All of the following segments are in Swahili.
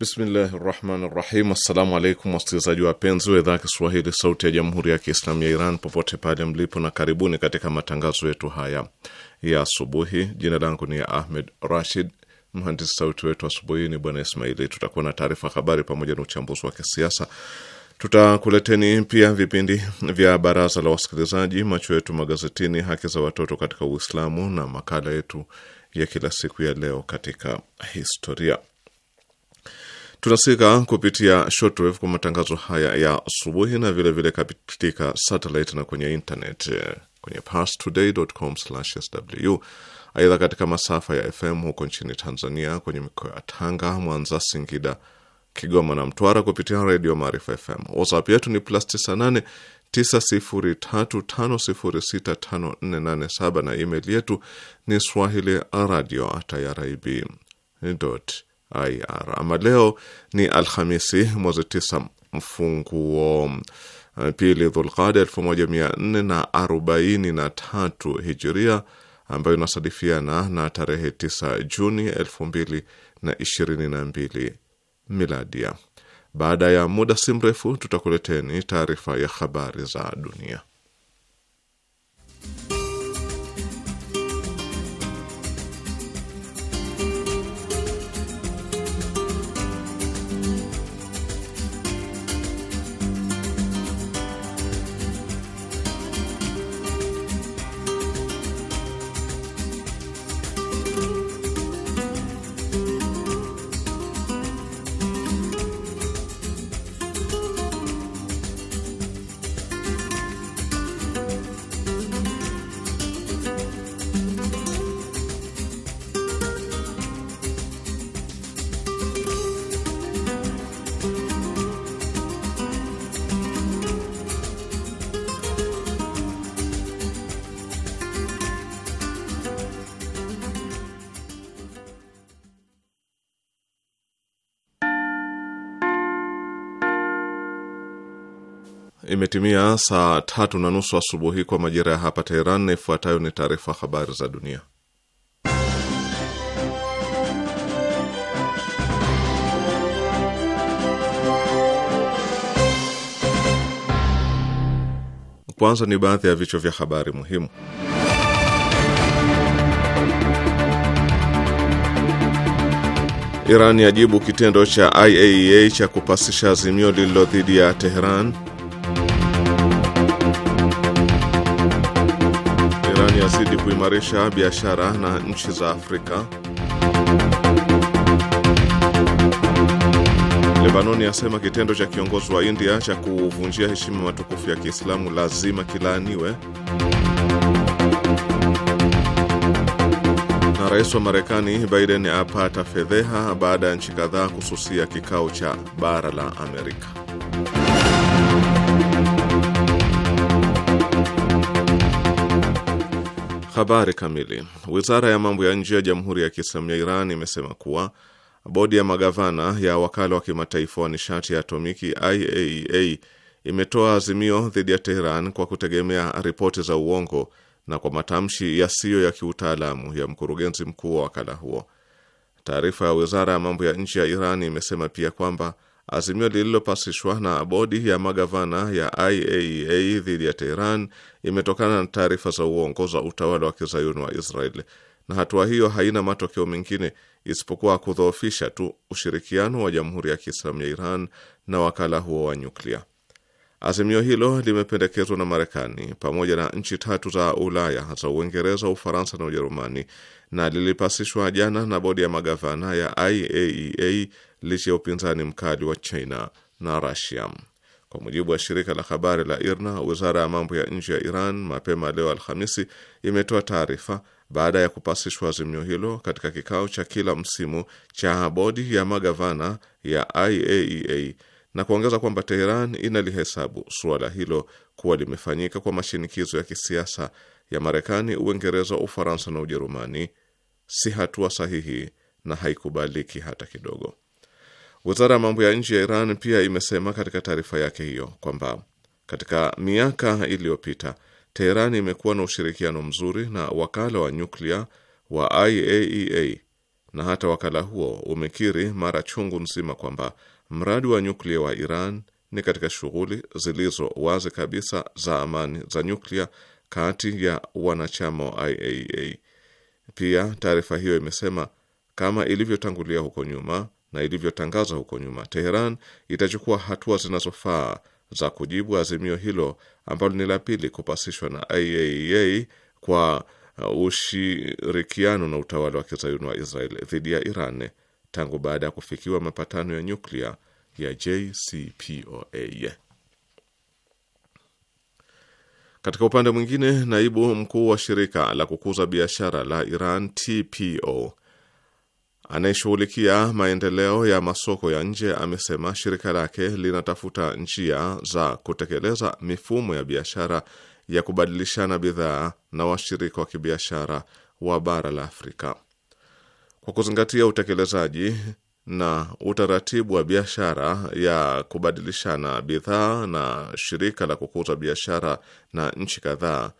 Bismillahi rahmani rahim. Assalamu alaikum wasikilizaji wapenzi wa idhaa Kiswahili sauti ya jamhuri ya Kiislamu ya Iran popote pale mlipo, na karibuni katika matangazo yetu haya ya asubuhi. Jina langu ni Ahmed Rashid, mhandisi sauti wetu asubuhi ni bwana Ismaili. Tutakuwa na taarifa habari pamoja na uchambuzi wa kisiasa. Tutakuleteni pia vipindi vya baraza la wasikilizaji, macho yetu magazetini, haki za watoto katika Uislamu na makala yetu ya kila siku ya leo katika historia. Tunasikika kupitia shortwave kwa matangazo haya ya asubuhi na vilevile katika satellite na kwenye internet kwenye parstoday.com/sw. Aidha, katika masafa ya FM huko nchini Tanzania, kwenye mikoa ya Tanga, Mwanza, Singida, Kigoma na Mtwara kupitia redio Maarifa FM. WhatsApp yetu ni plus 98 na email yetu ni swahili radio at ir. Ama leo ni Alhamisi, mwezi tisa mfunguo eh, pili Dhulqada elfu moja mia nne na arobaini na tatu hijiria ambayo inasadifiana na tarehe tisa Juni elfu mbili na ishirini na mbili miladia. Baada ya muda si mrefu, tutakuleteni taarifa ya habari za dunia. Imetimia saa tatu na nusu asubuhi kwa majira ya hapa Teheran, na ifuatayo ni taarifa habari za dunia. Kwanza ni baadhi ya vichwa vya habari muhimu. Iran yajibu kitendo cha IAEA e cha kupasisha azimio lililo dhidi ya Teheran. kutazidi kuimarisha biashara na nchi za Afrika. Lebanoni asema kitendo cha kiongozi wa India cha kuvunjia heshima matukufu ya Kiislamu lazima kilaaniwe. Na rais wa Marekani Biden apata fedheha baada ya nchi kadhaa kususia kikao cha bara la Amerika. Habari kamili. Wizara ya mambo ya nje ya Jamhuri ya Kiislamu ya Iran imesema kuwa bodi ya magavana ya wakala wa kimataifa wa nishati ya atomiki IAEA e, imetoa azimio dhidi ya Teheran kwa kutegemea ripoti za uongo na kwa matamshi yasiyo ya kiutaalamu ya mkurugenzi mkuu wa wakala huo. Taarifa ya wizara ya mambo ya nje ya Iran imesema pia kwamba Azimio lililopasishwa na bodi ya magavana ya IAEA dhidi ya Teheran imetokana na taarifa za uongo za utawala wa kizayuni wa Israel, na hatua hiyo haina matokeo mengine isipokuwa kudhoofisha tu ushirikiano wa Jamhuri ya Kiislamu ya Iran na wakala huo wa nyuklia. Azimio hilo limependekezwa na Marekani pamoja na nchi tatu za Ulaya za Uingereza, Ufaransa na Ujerumani na lilipasishwa jana na bodi ya magavana ya IAEA e licha ya upinzani mkali wa China na Russia. Kwa mujibu wa shirika la habari la IRNA, wizara ya mambo ya nje ya Iran mapema leo Alhamisi imetoa taarifa baada ya kupasishwa azimio hilo katika kikao cha kila msimu cha bodi ya magavana ya IAEA e na kuongeza kwamba Teheran inalihesabu suala hilo kuwa limefanyika kwa mashinikizo ya kisiasa ya Marekani, Uingereza, Ufaransa na Ujerumani si hatua sahihi na haikubaliki hata kidogo. Wizara ya mambo ya nje ya Iran pia imesema katika taarifa yake hiyo kwamba katika miaka iliyopita teheran imekuwa na ushirikiano mzuri na wakala wa nyuklia wa IAEA e na hata wakala huo umekiri mara chungu nzima kwamba mradi wa nyuklia wa Iran ni katika shughuli zilizo wazi kabisa za amani za nyuklia kati ya wanachama wa IAEA e pia taarifa hiyo imesema kama ilivyotangulia huko nyuma na ilivyotangaza huko nyuma, Teheran itachukua hatua zinazofaa za kujibu azimio hilo ambalo ni la pili kupasishwa na IAEA kwa ushirikiano na utawala wa kizayuni wa Israel dhidi ya Iran tangu baada ya kufikiwa mapatano ya nyuklia ya JCPOA. Katika upande mwingine, naibu mkuu wa shirika la kukuza biashara la Iran TPO anayeshughulikia maendeleo ya masoko ya nje amesema shirika lake linatafuta njia za kutekeleza mifumo ya biashara ya kubadilishana bidhaa na washirika wa kibiashara wa bara la Afrika kwa kuzingatia utekelezaji na utaratibu wa biashara ya kubadilishana bidhaa na shirika la kukuza biashara na nchi kadhaa,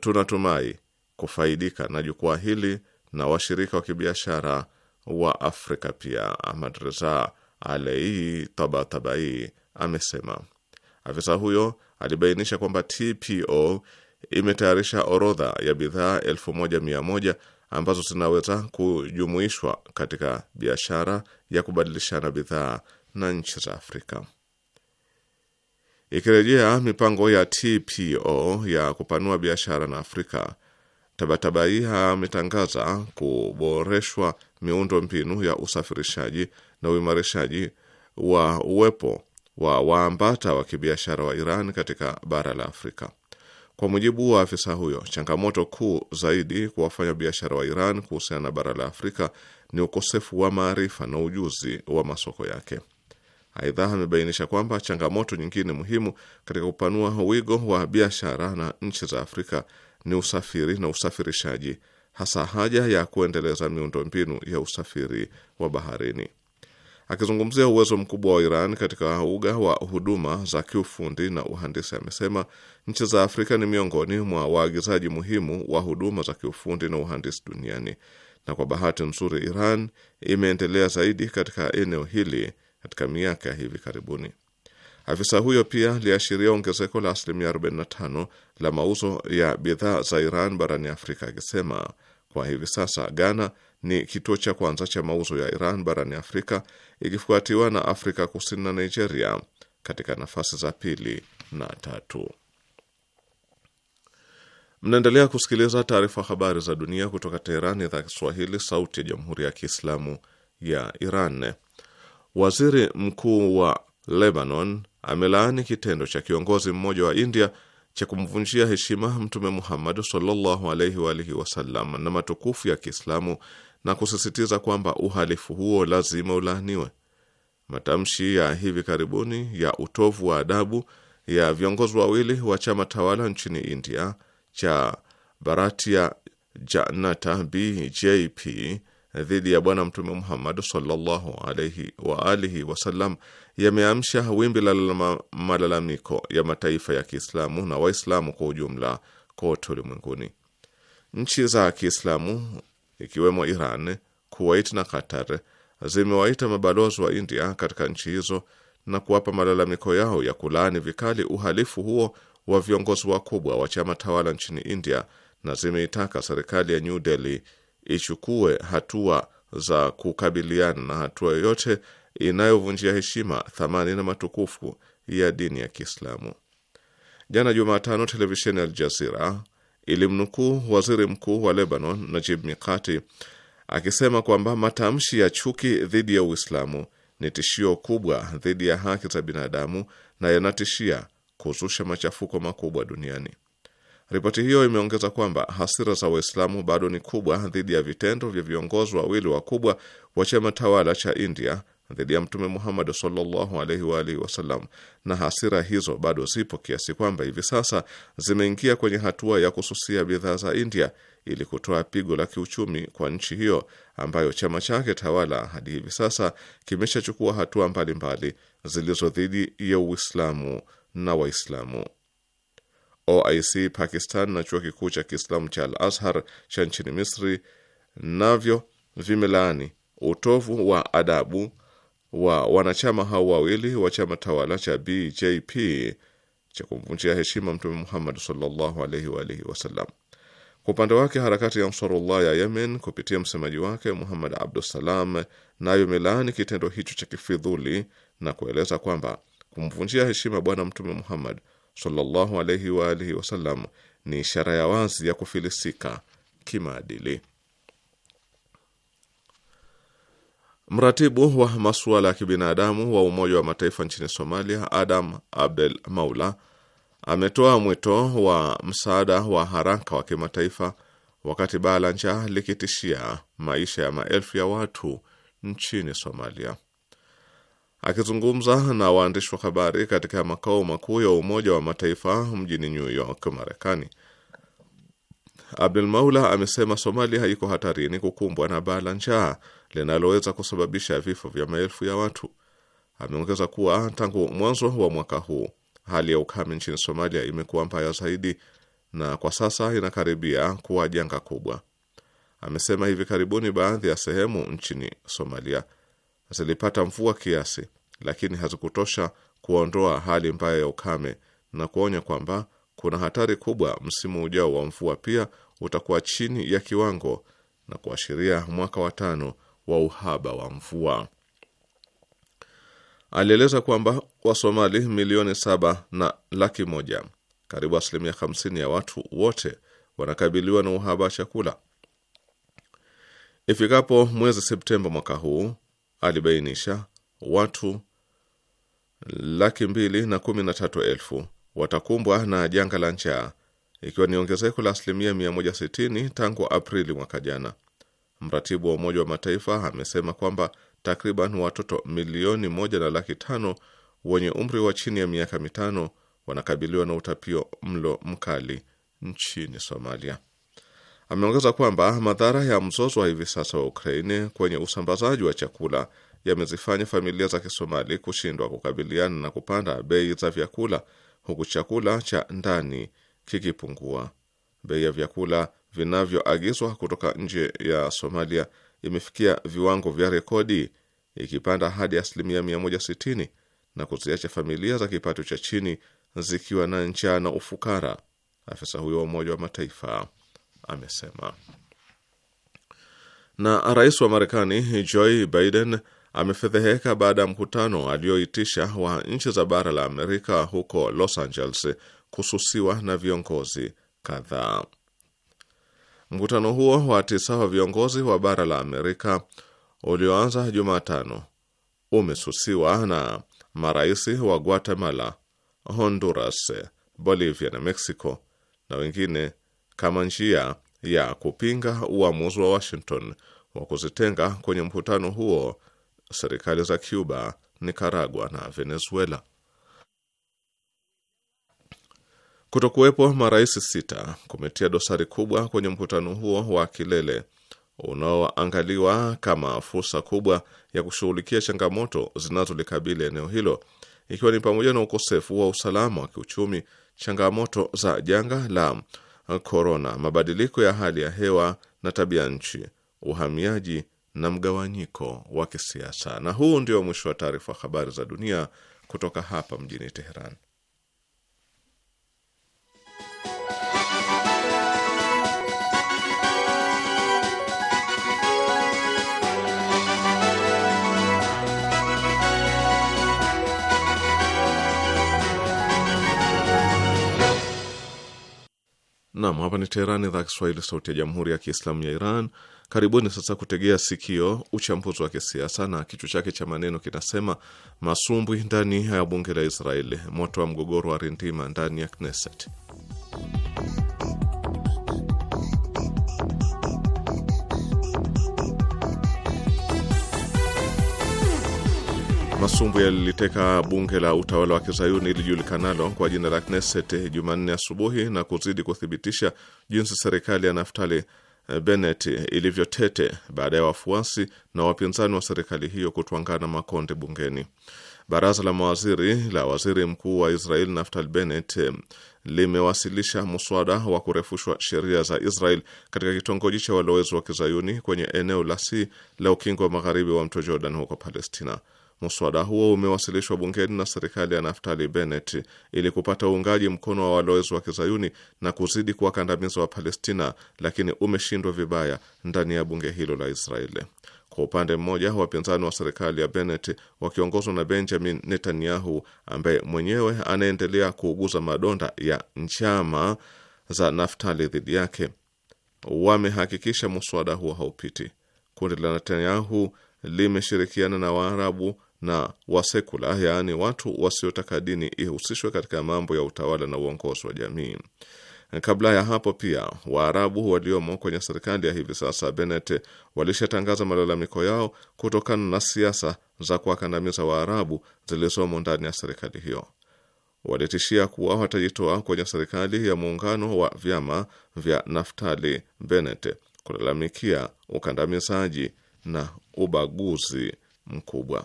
tunatumai kufaidika na jukwaa hili na washirika wa kibiashara wa Afrika pia. Ahmad Reza Alei Tabatabai amesema. Afisa huyo alibainisha kwamba TPO imetayarisha orodha ya bidhaa elfu moja mia moja ambazo zinaweza kujumuishwa katika biashara ya kubadilishana bidhaa na nchi za Afrika. Ikirejea mipango ya TPO ya kupanua biashara na Afrika, Tabatabai hii ametangaza kuboreshwa miundo mbinu ya usafirishaji na uimarishaji wa uwepo wa waambata wa kibiashara wa Iran katika bara la Afrika. Kwa mujibu wa afisa huyo, changamoto kuu zaidi kwa wafanyabiashara wa Iran kuhusiana na bara la Afrika ni ukosefu wa maarifa na ujuzi wa masoko yake. Aidha, amebainisha kwamba changamoto nyingine muhimu katika kupanua wigo wa biashara na nchi za Afrika ni usafiri na usafirishaji, hasa haja ya kuendeleza miundombinu ya usafiri wa baharini. Akizungumzia uwezo mkubwa wa Iran katika uga wa huduma za kiufundi na uhandisi, amesema nchi za Afrika ni miongoni mwa waagizaji muhimu wa huduma za kiufundi na uhandisi duniani, na kwa bahati nzuri Iran imeendelea zaidi katika eneo hili katika miaka ya hivi karibuni. Afisa huyo pia aliashiria ongezeko la asilimia 45 la mauzo ya bidhaa za Iran barani Afrika, akisema kwa hivi sasa Ghana ni kituo cha kwanza cha mauzo ya Iran barani Afrika, ikifuatiwa na Afrika Kusini na Nigeria katika nafasi za pili na tatu. Mnaendelea kusikiliza taarifa habari za dunia kutoka Teherani, idhaa Kiswahili, sauti ya jamhuri ya kiislamu ya Iran. Waziri mkuu wa Lebanon amelaani kitendo cha kiongozi mmoja wa India cha kumvunjia heshima Mtume Muhammad sallallahu alaihi wa alihi wasallam na matukufu ya Kiislamu na kusisitiza kwamba uhalifu huo lazima ulaaniwe. Matamshi ya hivi karibuni ya utovu wa adabu ya viongozi wawili wa chama tawala nchini India cha Bharatiya Janata BJP dhidi ya Bwana Mtume Muhammad sallallahu alaihi wa alihi wasallam yameamsha wimbi la malalamiko ya mataifa ya Kiislamu na Waislamu kwa ujumla kote ulimwenguni. Nchi za Kiislamu ikiwemo Iran, Kuwait na Qatar zimewaita mabalozi wa India katika nchi hizo na kuwapa malalamiko yao ya kulaani vikali uhalifu huo wa viongozi wakubwa wa chama tawala nchini India na zimeitaka serikali ya New Delhi ichukue hatua za kukabiliana na hatua yoyote inayovunjia heshima, thamani na matukufu ya dini ya Kiislamu. Jana Jumatano, televisheni ya Jazeera ilimnukuu waziri mkuu wa Lebanon Najib Mikati akisema kwamba matamshi ya chuki dhidi ya Uislamu ni tishio kubwa dhidi ya haki za binadamu na yanatishia kuzusha machafuko makubwa duniani. Ripoti hiyo imeongeza kwamba hasira za Waislamu bado ni kubwa dhidi ya vitendo vya viongozi wawili wakubwa wa chama tawala cha India dhidi ya Mtume Muhammad sallallahu alaihi wa alihi wasallam, na hasira hizo bado zipo kiasi kwamba hivi sasa zimeingia kwenye hatua ya kususia bidhaa za India ili kutoa pigo la kiuchumi kwa nchi hiyo ambayo chama chake tawala hadi hivi sasa kimeshachukua hatua mbalimbali zilizo dhidi ya Uislamu na Waislamu. OIC Pakistan na chuo kikuu cha Kiislamu cha Al Azhar cha nchini Misri navyo vimelaani utovu wa adabu wa wanachama hao wawili wa chama tawala cha BJP cha kumvunjia heshima Mtume Muhammad sallallahu alaihi wa alihi wasallam. Kwa upande wake harakati ya Ansarullah ya Yemen kupitia msemaji wake Muhammad Abdusalam nayo imelaani kitendo hicho cha kifidhuli na kueleza kwamba kumvunjia heshima Bwana Mtume Muhammad sallallahu alaihi wa alihi wasallam ni ishara ya wazi ya kufilisika kimaadili. Mratibu wa masuala ya kibinadamu wa Umoja wa Mataifa nchini Somalia, Adam Abdel Maula, ametoa mwito wa msaada wa haraka wa kimataifa wakati baa la njaa likitishia maisha ya maelfu ya watu nchini Somalia. Akizungumza na waandishi wa habari katika makao makuu ya Umoja wa Mataifa mjini New York, Marekani, Abdul Maula amesema Somalia haiko hatarini kukumbwa na baa la njaa linaloweza kusababisha vifo vya maelfu ya watu. Ameongeza kuwa tangu mwanzo wa mwaka huu hali ya ukame nchini Somalia imekuwa mbaya zaidi na kwa sasa inakaribia kuwa janga kubwa. Amesema hivi karibuni baadhi ya sehemu nchini Somalia zilipata mvua kiasi, lakini hazikutosha kuondoa hali mbaya ya ukame na kuonya kwamba kuna hatari kubwa msimu ujao wa mvua pia utakuwa chini ya kiwango na kuashiria mwaka wa tano wa uhaba wa mvua. Alieleza kwamba Wasomali milioni saba na laki moja, karibu asilimia hamsini ya watu wote wanakabiliwa na uhaba wa chakula ifikapo mwezi Septemba mwaka huu. Alibainisha watu laki mbili na kumi na tatu elfu watakumbwa na janga la njaa ikiwa ni ongezeko la asilimia 160 tangu Aprili mwaka jana. Mratibu wa Umoja wa Mataifa amesema kwamba takriban watoto milioni moja na laki tano wenye umri wa chini ya miaka mitano wanakabiliwa na utapio mlo mkali nchini Somalia. Ameongeza kwamba madhara ya mzozo wa hivi sasa wa Ukraini kwenye usambazaji wa chakula yamezifanya familia za Kisomali kushindwa kukabiliana na kupanda bei za vyakula huku chakula cha ndani kikipungua. Bei ya vyakula vinavyoagizwa kutoka nje ya Somalia imefikia viwango vya rekodi, ikipanda hadi asilimia 160 na kuziacha familia za kipato cha chini zikiwa na njaa na ufukara, afisa huyo wa Umoja wa Mataifa amesema. Na rais wa Marekani Joe Biden amefedheheka baada ya mkutano alioitisha wa nchi za bara la Amerika huko Los Angeles kususiwa na viongozi kadhaa. Mkutano huo wa tisa wa viongozi wa bara la Amerika ulioanza Jumatano umesusiwa na marais wa Guatemala, Honduras, Bolivia na Mexico na wengine kama njia ya kupinga uamuzi wa Washington wa kuzitenga kwenye mkutano huo serikali za Cuba, Nicaragua na Venezuela. Kutokuwepo marais sita kumetia dosari kubwa kwenye mkutano huo wa kilele unaoangaliwa kama fursa kubwa ya kushughulikia changamoto zinazolikabili eneo hilo ikiwa ni pamoja na ukosefu wa usalama wa kiuchumi, changamoto za janga la korona, mabadiliko ya hali ya hewa na tabia nchi, uhamiaji na mgawanyiko wa kisiasa. Na huu ndio mwisho wa taarifa habari za dunia kutoka hapa mjini Teheran. Nam, hapa ni Teherani, idhaa Kiswahili, sauti ya jamhuri ya kiislamu ya Iran. Karibuni sasa kutegea sikio uchambuzi wa kisiasa na kichwa chake cha maneno kinasema: masumbwi ndani ya bunge la Israeli, moto wa mgogoro wa rindima ndani ya Knesset. Masumbu yaliliteka bunge la utawala wa kizayuni ilijulikanalo kwa jina la Knesset Jumanne asubuhi na kuzidi kuthibitisha jinsi serikali ya Naftali Eh, Bennett ilivyotete baada ya wafuasi na wapinzani wa serikali hiyo kutwangana makonde bungeni. Baraza la mawaziri la waziri mkuu wa Israel Naftali Bennett eh, limewasilisha muswada wa kurefushwa sheria za Israel katika kitongoji cha walowezi wa kizayuni kwenye eneo la si la ukingo wa magharibi wa mto Jordan huko Palestina. Muswada huo umewasilishwa bungeni na serikali ya Naftali Bennett ili kupata uungaji mkono wa walowezi wa kizayuni na kuzidi kuwakandamiza wa Palestina, lakini umeshindwa vibaya ndani ya bunge hilo la Israeli. Kwa upande mmoja, wapinzani wa serikali ya Bennett wakiongozwa na Benjamin Netanyahu ambaye mwenyewe anaendelea kuuguza madonda ya njama za Naftali dhidi yake wamehakikisha muswada huo haupiti. Kundi la Netanyahu limeshirikiana na Waarabu na wasekula, yaani watu wasiotaka dini ihusishwe katika mambo ya utawala na uongozi wa jamii. Kabla ya hapo pia Waarabu waliomo kwenye serikali ya hivi sasa benet walishatangaza malalamiko yao kutokana na siasa za kuwakandamiza Waarabu zilizomo ndani ya serikali hiyo. Walitishia kuwa watajitoa kwenye serikali ya muungano wa vyama vya Naftali benet kulalamikia ukandamizaji na ubaguzi mkubwa.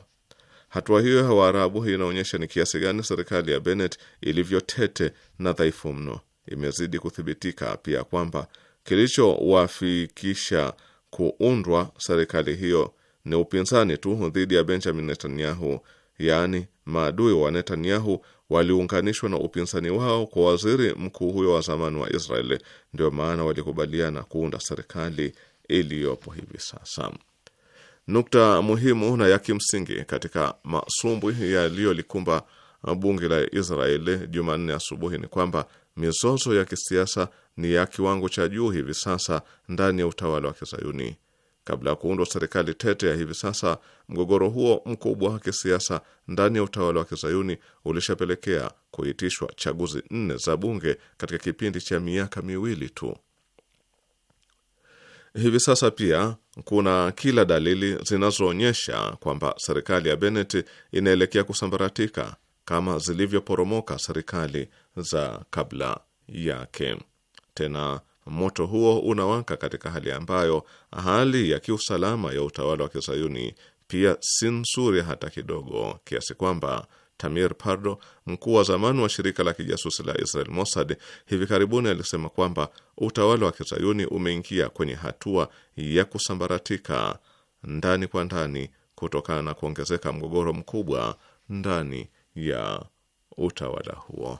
Hatua hiyo ya Waarabu inaonyesha ni kiasi gani serikali ya Bennett ilivyotete na dhaifu mno. Imezidi kuthibitika pia kwamba kilichowafikisha kuundwa serikali hiyo ni upinzani tu dhidi ya Benjamin Netanyahu, yaani maadui wa Netanyahu waliunganishwa na upinzani wao kwa waziri mkuu huyo wa zamani wa Israeli. Ndio maana walikubaliana kuunda serikali iliyopo hivi sasa. Nukta muhimu na ya kimsingi katika masumbwi yaliyolikumba uh, bunge la Israeli Jumanne asubuhi ni kwamba mizozo ya kisiasa ni ya kiwango cha juu hivi sasa ndani ya utawala wa Kizayuni. Kabla ya kuundwa serikali tete ya hivi sasa, mgogoro huo mkubwa wa kisiasa ndani ya utawala wa Kizayuni ulishapelekea kuitishwa chaguzi nne za bunge katika kipindi cha miaka miwili tu. Hivi sasa pia kuna kila dalili zinazoonyesha kwamba serikali ya Bennett inaelekea kusambaratika kama zilivyoporomoka serikali za kabla yake. Tena moto huo unawaka katika hali ambayo hali ya kiusalama ya utawala wa Kizayuni pia si nzuri hata kidogo, kiasi kwamba Tamir Pardo, mkuu wa zamani wa shirika la kijasusi la Israel Mossad, hivi karibuni alisema kwamba utawala wa kizayuni umeingia kwenye hatua ya kusambaratika ndani kwa ndani kutokana na kuongezeka mgogoro mkubwa ndani ya utawala huo.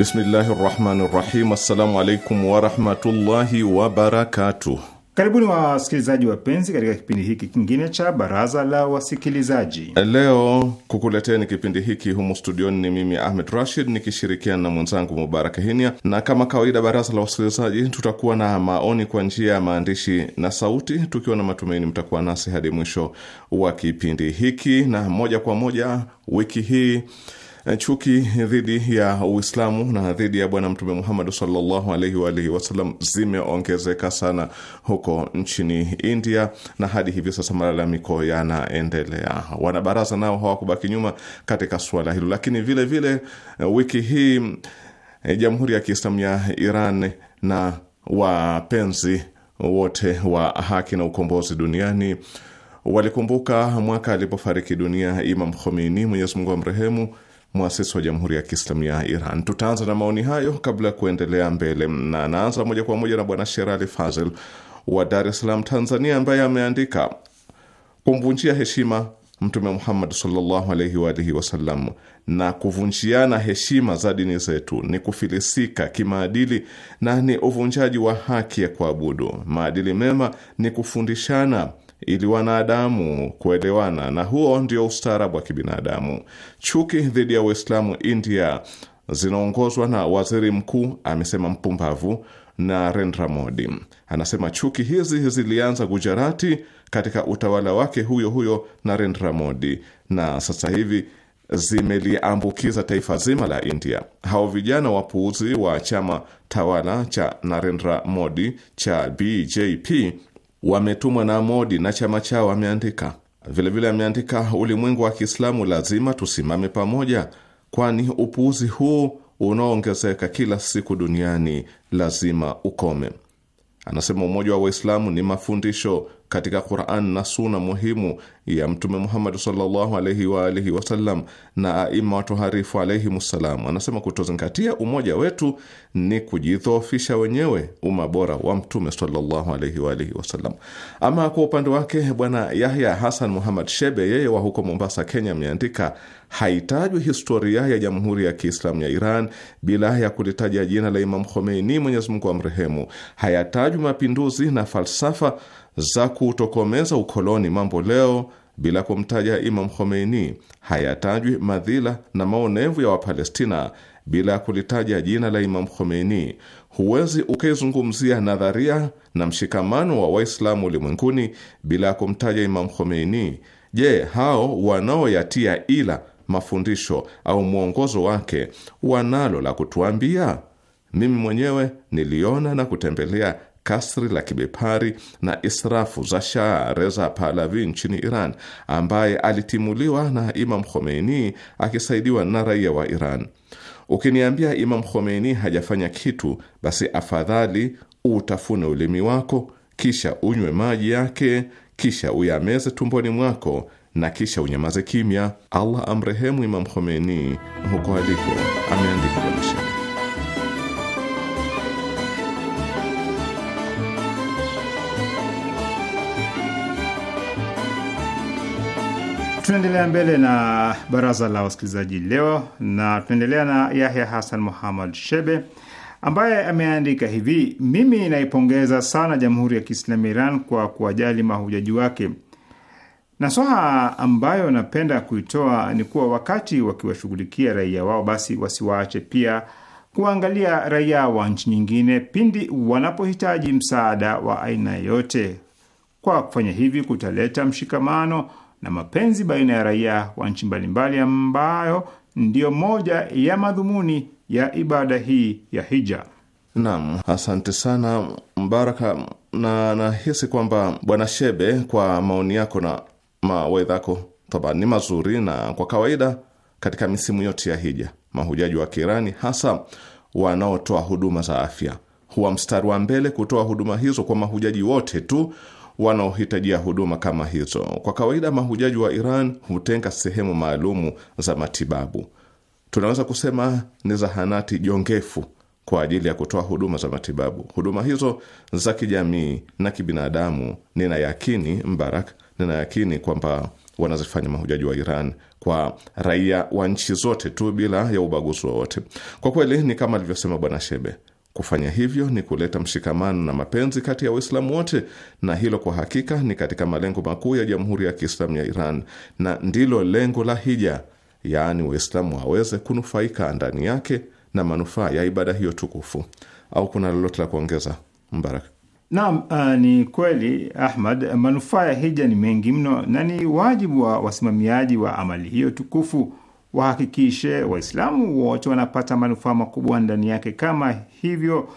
Bismillahi rahmani rahim. Assalamu alaikum warahmatullahi wabarakatuh. Karibuni wasikilizaji wapenzi, katika kipindi hiki kingine cha baraza la wasikilizaji. Leo kukuleteni kipindi hiki humu studioni ni mimi Ahmed Rashid nikishirikiana na mwenzangu Mubarak Hinia, na kama kawaida, baraza la wasikilizaji tutakuwa na maoni kwa njia ya maandishi na sauti, tukiwa na matumaini mtakuwa nasi hadi mwisho wa kipindi hiki. Na moja kwa moja, wiki hii Eh, chuki dhidi ya Uislamu na dhidi ya Bwana Mtume Muhammad sallallahu alaihi wa alihi wasallam zimeongezeka sana huko nchini India, na hadi hivi sasa malalamiko yanaendelea. Wanabaraza nao hawakubaki nyuma katika suala hilo, lakini vile vile eh, wiki hii eh, Jamhuri ya Kiislamu ya Iran na wapenzi wote wa haki na ukombozi duniani walikumbuka mwaka alipofariki dunia Imam Khomeini, Mwenyezi Mungu amrehemu mwasisi wa Jamhuri ya Kiislamu ya Iran. Tutaanza na maoni hayo kabla ya kuendelea mbele, na anaanza moja kwa moja na Bwana Sherali Fazel wa Dar es Salaam, Tanzania, ambaye ameandika kumvunjia heshima Mtume Muhammad sallallahu alaihi wa alihi wasallam na kuvunjiana heshima za dini zetu ni kufilisika kimaadili na ni uvunjaji wa haki ya kuabudu. Maadili mema ni kufundishana ili wanadamu kuelewana, na huo ndio ustaarabu wa kibinadamu. Chuki dhidi ya Uislamu India zinaongozwa na waziri mkuu amesema mpumbavu Narendra Modi. Anasema chuki hizi zilianza Gujarati katika utawala wake huyo huyo Narendra Modi, na sasa hivi zimeliambukiza taifa zima la India. Hao vijana wapuuzi wa chama tawala cha Narendra Modi cha BJP wametumwa na Modi na chama chao, ameandika. Vilevile ameandika, ulimwengu wa Kiislamu lazima tusimame pamoja, kwani upuuzi huu unaoongezeka kila siku duniani lazima ukome. Anasema umoja wa Waislamu ni mafundisho katika Quran na suna muhimu ya Mtume Muhammad sallallahu alaihi wa alihi wasallam na aima watoharifu alaihimussalamu. Anasema kutozingatia umoja wetu ni kujidhoofisha wenyewe umma bora wa Mtume sallallahu alaihi wa alihi wasallam. Ama kwa upande wake, Bwana Yahya Hasan Muhammad Shebe, yeye wa huko Mombasa, Kenya, ameandika haitajwi historia ya Jamhuri ya Kiislamu ya Iran bila ya kulitaja jina la Imam Khomeini, Mwenyezi Mungu amrehemu. Hayatajwi mapinduzi na falsafa za kutokomeza ukoloni mambo leo bila kumtaja Imam Khomeini. Hayatajwi madhila na maonevu ya Wapalestina bila ya kulitaja jina la Imam Khomeini. Huwezi ukaizungumzia nadharia na mshikamano wa Waislamu ulimwenguni bila ya kumtaja Imam Khomeini. Je, hao wanaoyatia ila mafundisho au mwongozo wake wanalo la kutuambia? Mimi mwenyewe niliona na kutembelea kasri la kibepari na israfu za Shah Reza Pahlavi nchini Iran, ambaye alitimuliwa na Imam Khomeini akisaidiwa na raia wa Iran. Ukiniambia Imam Khomeini hajafanya kitu, basi afadhali utafune ulimi wako, kisha unywe maji yake, kisha uyameze tumboni mwako na kisha unyamaze kimya. Allah amrehemu Imam Khomeini huko aliko ameandika mashairi Tunaendelea mbele na baraza la wasikilizaji leo, na tunaendelea na Yahya Hasan Muhammad Shebe ambaye ameandika hivi: mimi naipongeza sana Jamhuri ya Kiislamu ya Iran kwa kuwajali mahujaji wake Nasaha ambayo napenda kuitoa ni kuwa wakati wakiwashughulikia raia wao, basi wasiwaache pia kuwaangalia raia wa nchi nyingine pindi wanapohitaji msaada wa aina yote. Kwa kufanya hivi kutaleta mshikamano na mapenzi baina ya raia wa nchi mbalimbali, ambayo ndiyo moja ya madhumuni ya ibada hii ya hija. Naam, asante sana Mbaraka, na nahisi kwamba Bwana Shebe, kwa maoni yako na mawedhako taban ni mazuri, na kwa kawaida katika misimu yote ya hija mahujaji wa Kirani hasa wanaotoa huduma za afya huwa mstari wa mbele kutoa huduma hizo kwa mahujaji wote tu wanaohitajia huduma kama hizo. Kwa kawaida mahujaji wa Iran hutenga sehemu maalumu za matibabu, tunaweza kusema ni zahanati jongefu kwa ajili ya kutoa huduma za matibabu. Huduma hizo za kijamii na kibinadamu, nina yakini Mbarak yakini kwamba wanazifanya mahujaji wa Iran kwa raia wa nchi zote tu bila ya ubaguzi wowote. Kwa kweli ni kama alivyosema Bwana Shebe, kufanya hivyo ni kuleta mshikamano na mapenzi kati ya Waislamu wote, na hilo kwa hakika ni katika malengo makuu ya Jamhuri ya Kiislamu ya Iran na ndilo lengo la hija, yaani Waislamu waweze kunufaika ndani yake na manufaa ya ibada hiyo tukufu. Au kuna lolote la kuongeza, Mbaraka? Naam, uh, ni kweli Ahmad, manufaa ya hija ni mengi mno na ni wajibu wa wasimamiaji wa amali hiyo tukufu wahakikishe Waislamu wote wanapata manufaa makubwa ndani yake, kama hivyo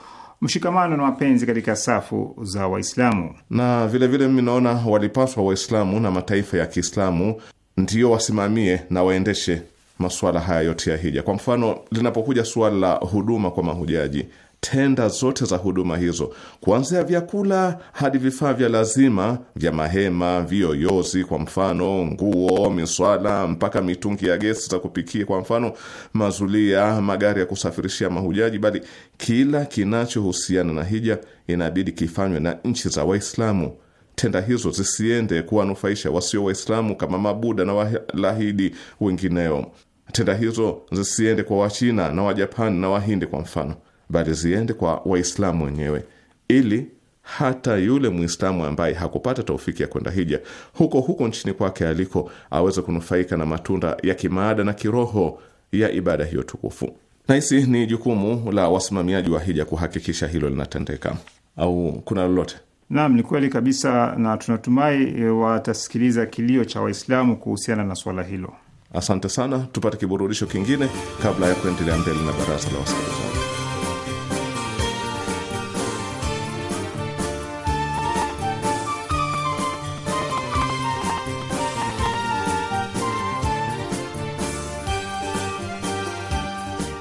mshikamano na mapenzi katika safu za Waislamu. Na vilevile mimi naona walipaswa Waislamu na mataifa ya Kiislamu ndiyo wasimamie na waendeshe masuala haya yote ya hija. Kwa mfano, linapokuja suala la huduma kwa mahujaji tenda zote za huduma hizo kuanzia vyakula hadi vifaa vya lazima vya mahema, viyoyozi, kwa mfano nguo, miswala, mpaka mitungi ya gesi za kupikia, kwa mfano mazulia, magari ya kusafirishia mahujaji, bali kila kinachohusiana na hija inabidi kifanywe na nchi za Waislamu. Tenda hizo zisiende kuwanufaisha wasio Waislamu kama mabuda na walahidi wengineo. Tenda hizo zisiende kwa Wachina na Wajapani na Wahindi, kwa mfano bali ziende kwa Waislamu wenyewe ili hata yule Mwislamu ambaye hakupata taufiki ya kwenda hija huko huko nchini kwake aliko aweze kunufaika na matunda ya kimaada na kiroho ya ibada hiyo tukufu. Nahisi ni jukumu la wasimamiaji wa hija kuhakikisha hilo linatendeka, au kuna lolote? Naam, ni kweli kabisa, na tunatumai e, watasikiliza kilio cha Waislamu kuhusiana na swala hilo. Asante sana, tupate kiburudisho kingine kabla ya kuendelea mbele na baraza la wasikilizaji.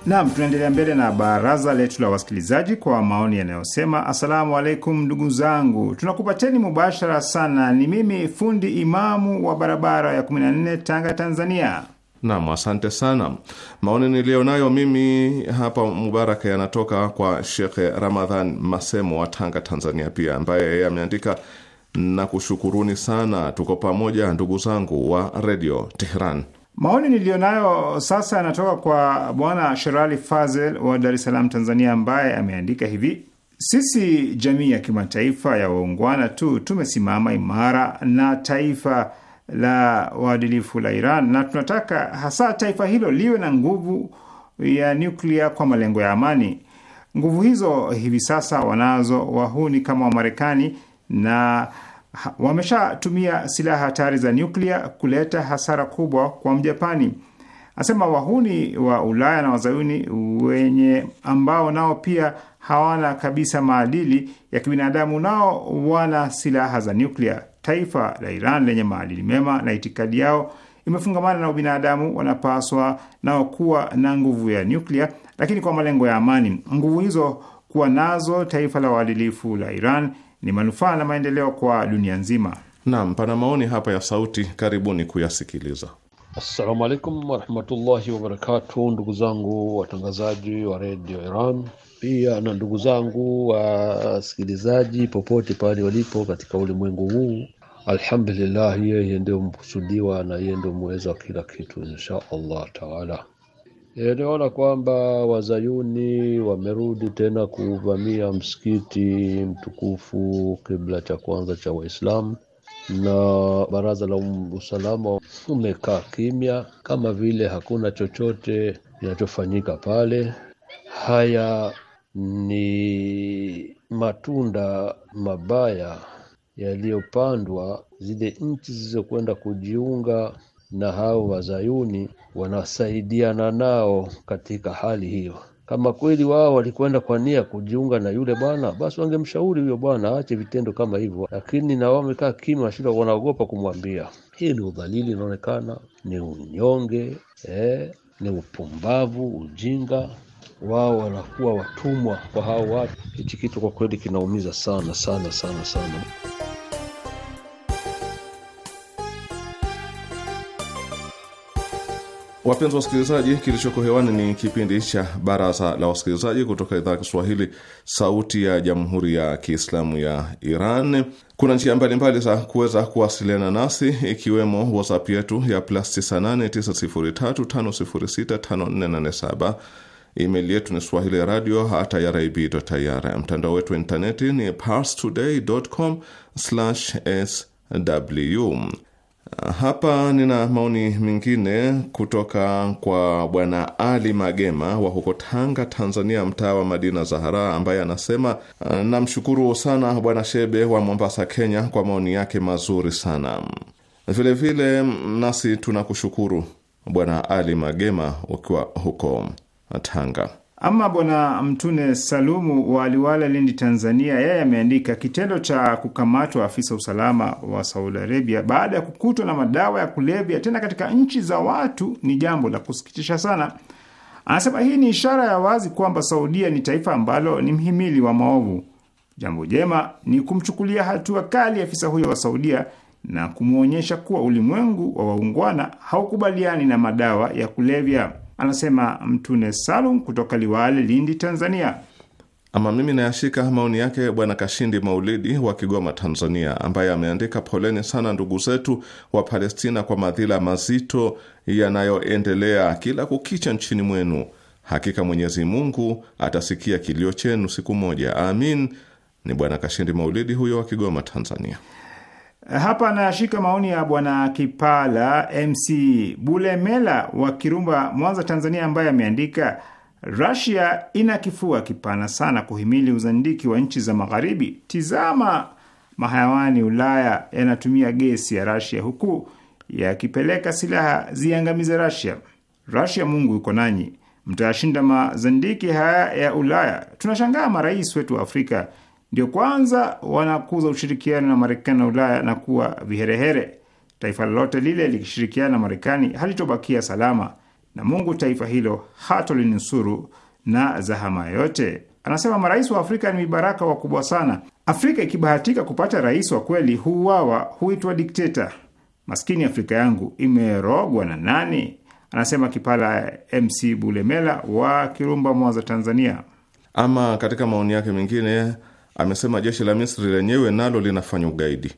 Naam, tunaendelea mbele na baraza letu la wasikilizaji kwa maoni yanayosema: assalamu alaikum ndugu zangu, tunakupateni mubashara sana. Ni mimi fundi imamu wa barabara ya 14 Tanga, Tanzania. Nam, asante sana. Maoni niliyo nayo mimi hapa Mubaraka yanatoka kwa Shekhe Ramadhan Masemo wa Tanga, Tanzania pia, ambaye yeye ameandika nakushukuruni sana. Tuko pamoja ndugu zangu wa redio Tehran. Maoni niliyonayo sasa yanatoka kwa Bwana Sherali Fazel wa Dar es Salaam, Tanzania, ambaye ameandika hivi: sisi jamii ya kimataifa ya waungwana tu tumesimama imara na taifa la waadilifu la Iran na tunataka hasa taifa hilo liwe na nguvu ya nyuklia kwa malengo ya amani. Nguvu hizo hivi sasa wanazo wahuni kama Wamarekani na wameshatumia silaha hatari za nyuklia kuleta hasara kubwa kwa Mjapani. Asema wahuni wa Ulaya na wazayuni wenye ambao nao pia hawana kabisa maadili ya kibinadamu, nao wana silaha za nyuklia. Taifa la Iran lenye maadili mema na itikadi yao imefungamana na ubinadamu, wanapaswa nao kuwa na nguvu ya nyuklia, lakini kwa malengo ya amani. Nguvu hizo kuwa nazo taifa la waadilifu la Iran ni manufaa na maendeleo kwa dunia nzima. Naam, pana maoni hapa ya sauti, karibuni kuyasikiliza. Assalamu alaikum warahmatullahi wabarakatu, ndugu zangu watangazaji wa redio Iran pia na ndugu zangu wasikilizaji popote pale walipo katika ulimwengu huu. Alhamdulillah, yeye ndio mkusudiwa na yeye ndio mweza wa kila kitu, insha Allah taala. Tunaona eh, kwamba wazayuni wamerudi tena kuvamia msikiti mtukufu, kibla cha kwanza cha Waislamu, na baraza la usalama umekaa kimya, kama vile hakuna chochote kinachofanyika pale. Haya ni matunda mabaya yaliyopandwa zile nchi zilizokwenda kujiunga na hao wazayuni wanasaidiana nao katika hali hiyo. Kama kweli wao walikwenda kwa nia kujiunga na yule bwana, basi wangemshauri huyo bwana aache vitendo kama hivyo, lakini na wao wamekaa kimya, shida, wanaogopa kumwambia. Hii ni udhalili, inaonekana ni unyonge eh, ni upumbavu, ujinga wao wanakuwa watumwa kwa hao watu. Hichi kitu kwa kweli kinaumiza sana sana sana sana. Wapenzi wasikilizaji, kilichoko hewani ni kipindi cha Baraza la Wasikilizaji kutoka idhaa ya Kiswahili, Sauti ya Jamhuri ya Kiislamu ya Iran. Kuna njia mbalimbali za kuweza kuwasiliana nasi, ikiwemo WhatsApp yetu ya plus 989035065487, email yetu ni swahili radio hata irib mtandao wetu wa intaneti ni parstoday.com sw hapa nina maoni mengine kutoka kwa Bwana Ali Magema wa huko Tanga, Tanzania, mtaa wa Madina Zahara, ambaye anasema eh, namshukuru sana Bwana Shebe wa Mombasa, Kenya, kwa maoni yake mazuri sana. Vilevile nasi tunakushukuru Bwana Ali Magema ukiwa huko Tanga. Ama Bwana Mtune Salumu wa Liwale, Lindi, Tanzania, yeye ameandika kitendo cha kukamatwa afisa usalama wa Saudi Arabia baada ya kukutwa na madawa ya kulevya tena katika nchi za watu ni jambo la kusikitisha sana. Anasema hii ni ishara ya wazi kwamba Saudia ni taifa ambalo ni mhimili wa maovu. Jambo jema ni kumchukulia hatua kali afisa huyo wa Saudia na kumwonyesha kuwa ulimwengu wa waungwana haukubaliani na madawa ya kulevya anasema Mtune Salum kutoka Liwale, Lindi, Tanzania. Ama mimi nayashika maoni yake Bwana Kashindi Maulidi wa Kigoma, Tanzania, ambaye ameandika poleni sana ndugu zetu wa Palestina kwa madhila mazito yanayoendelea kila kukicha nchini mwenu. Hakika Mwenyezi Mungu atasikia kilio chenu siku moja, amin. Ni Bwana Kashindi Maulidi huyo wa Kigoma, Tanzania. Eh, hapa anashika maoni ya bwana Kipala MC Bulemela wa Kirumba, Mwanza, Tanzania, ambaye ameandika Rasia ina kifua kipana sana kuhimili uzandiki wa nchi za Magharibi. Tizama mahayawani Ulaya yanatumia gesi ya Rasia huku yakipeleka silaha ziangamize Rasia. Rasia, Mungu yuko nanyi, mtayashinda mazandiki haya ya Ulaya. Tunashangaa marais wetu wa Afrika ndio kwanza wanakuza ushirikiano na Marekani na Ulaya na kuwa viherehere. Taifa lolote lile likishirikiana na Marekani halitobakia salama, na Mungu taifa hilo hatolinusuru na zahama yote. Anasema marais wa Afrika ni mibaraka wakubwa sana. Afrika ikibahatika kupata rais wa kweli huuawa, huitwa dikteta. Maskini Afrika yangu imerogwa na nani? Anasema Kipala MC Bulemela wa Kirumba, Mwanza, Tanzania. Ama katika maoni yake mengine amesema jeshi la Misri lenyewe nalo linafanya ugaidi.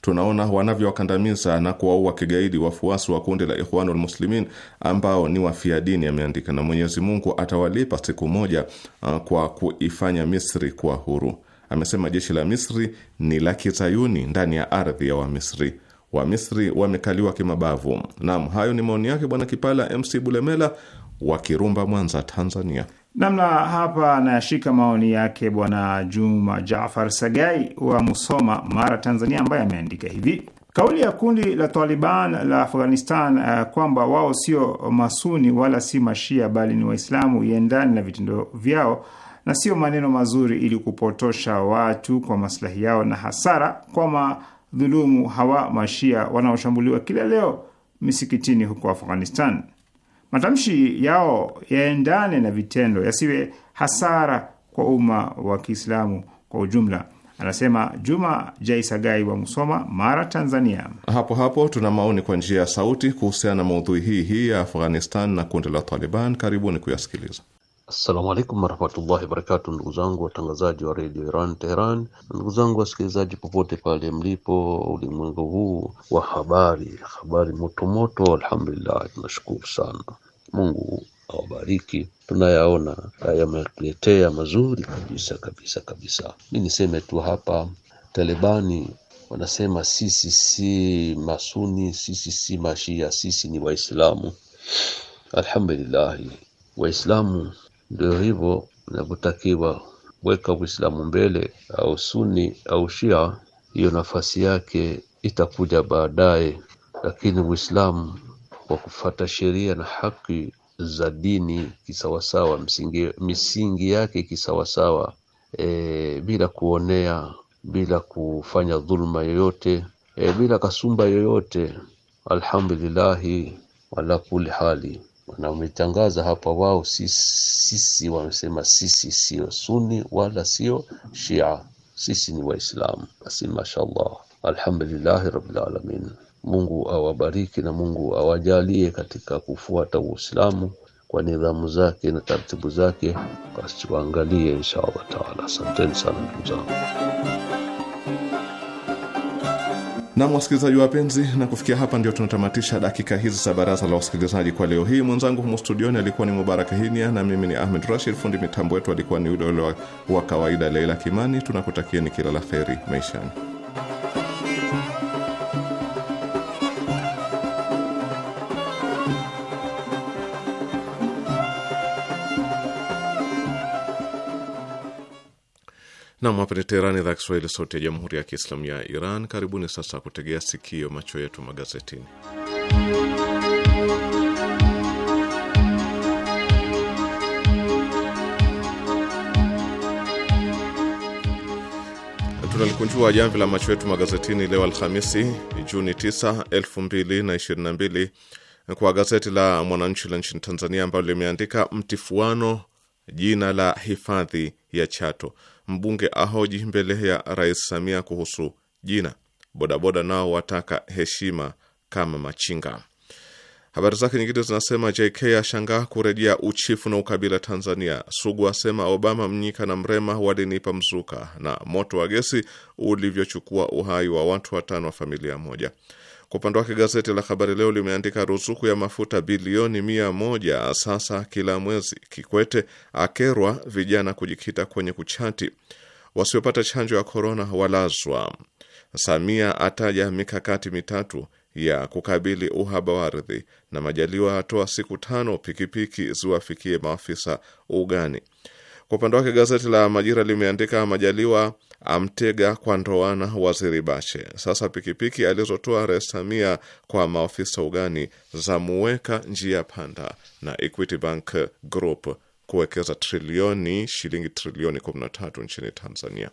Tunaona wanavyowakandamiza na kuwaua kigaidi wafuasi wa kundi la Ikhwanul Muslimin ambao ni wafia dini, ameandika, na Mwenyezi Mungu atawalipa siku moja uh, kwa kuifanya Misri kuwa huru. Amesema jeshi la Misri ni la kizayuni ndani ya ardhi ya Wamisri. Wamisri wamekaliwa kimabavu. Naam, hayo ni maoni yake Bwana Kipala MC Bulemela wa Kirumba, Mwanza, Tanzania namna hapa anayashika maoni yake Bwana Juma Jafar Sagai wa Musoma, Mara, Tanzania, ambaye ameandika hivi: kauli ya kundi la Taliban la Afghanistan uh, kwamba wao sio masuni wala si mashia bali ni Waislamu iendani na vitendo vyao na sio maneno mazuri, ili kupotosha watu kwa maslahi yao na hasara kwa madhulumu hawa mashia wanaoshambuliwa kila leo misikitini huko Afghanistan matamshi yao yaendane na vitendo, yasiwe hasara kwa umma wa Kiislamu kwa ujumla. Anasema Juma Jaisagai wa Musoma, Mara, Tanzania. Hapo hapo tuna maoni kwa njia ya sauti kuhusiana na maudhui hii hii ya Afghanistan na kundi la Taliban. Karibuni kuyasikiliza. Assalamu alaikum warahmatullahi wabarakatu, ndugu zangu watangazaji wa redio Iran Teheran, ndugu zangu wasikilizaji popote pale mlipo ulimwengu huu wa habari, habari motomoto. Alhamdulillah, tunashukuru sana Mungu awabariki tunayaona yametuletea mazuri kabisa kabisa kabisa. Mi niseme tu hapa, Talibani wanasema sisi si masuni, sisi si mashia, sisi ni Waislamu. Alhamdulillahi, Waislamu ndio hivyo inavyotakiwa weka Uislamu mbele au Sunni au Shia, hiyo nafasi yake itakuja baadaye, lakini Uislamu kwa kufata sheria na haki za dini kisawasawa, msingi, misingi yake kisawasawa, e, bila kuonea, bila kufanya dhulma yoyote, e, bila kasumba yoyote. Alhamdulillahi ala kulli hali na hapa wao sisi, sisi wamesema sisi sio Sunni wala sio Shia, sisi ni Waislamu. Basi mashallah, alhamdulillahi rabbil alamin. Mungu awabariki na Mungu awajalie katika kufuata Uislamu kwa nidhamu zake na taratibu zake, basi tuangalie insha Allah taala. Asanteni sana ndugu zangu. Nam, wasikilizaji wapenzi, na kufikia hapa ndio tunatamatisha dakika hizi za baraza la wasikilizaji kwa leo hii. Mwenzangu humu studioni alikuwa ni Mubarak Hinia na mimi ni Ahmed Rashid. Fundi mitambo wetu alikuwa ni yule wa kawaida Leila Kimani. Tunakutakieni kila la kheri maishani. Nam, hapa ni Teherani, idhaa Kiswahili, sauti ya jamhuri ya kiislamu ya Iran. Karibuni sasa kutegea sikio, macho yetu magazetini. Tunalikunjua jamvi la macho yetu magazetini leo Alhamisi, Juni 9, 2022 kwa gazeti la Mwananchi la nchini Tanzania, ambalo limeandika mtifuano jina la hifadhi ya Chato mbunge ahoji mbele ya Rais Samia kuhusu jina. Bodaboda nao wataka heshima kama machinga. Habari zake nyingine zinasema JK ashangaa kurejea uchifu na ukabila Tanzania. Sugu asema Obama, Mnyika na Mrema walinipa mzuka, na moto wa gesi ulivyochukua uhai wa watu watano wa familia moja. Kwa upande wake gazeti la Habari Leo limeandika ruzuku ya mafuta bilioni mia moja sasa kila mwezi. Kikwete akerwa vijana kujikita kwenye kuchati, wasiopata chanjo ya korona walazwa. Samia ataja mikakati mitatu ya kukabili uhaba wa ardhi, na Majaliwa atoa siku tano pikipiki ziwafikie maafisa ugani. Kwa upande wake gazeti la Majira limeandika Majaliwa amtega kwa ndoana waziri Bashe. Sasa pikipiki alizotoa Rais Samia kwa maofisa ugani zamuweka njia panda, na Equity Bank Group kuwekeza trilioni shilingi trilioni 13 nchini Tanzania.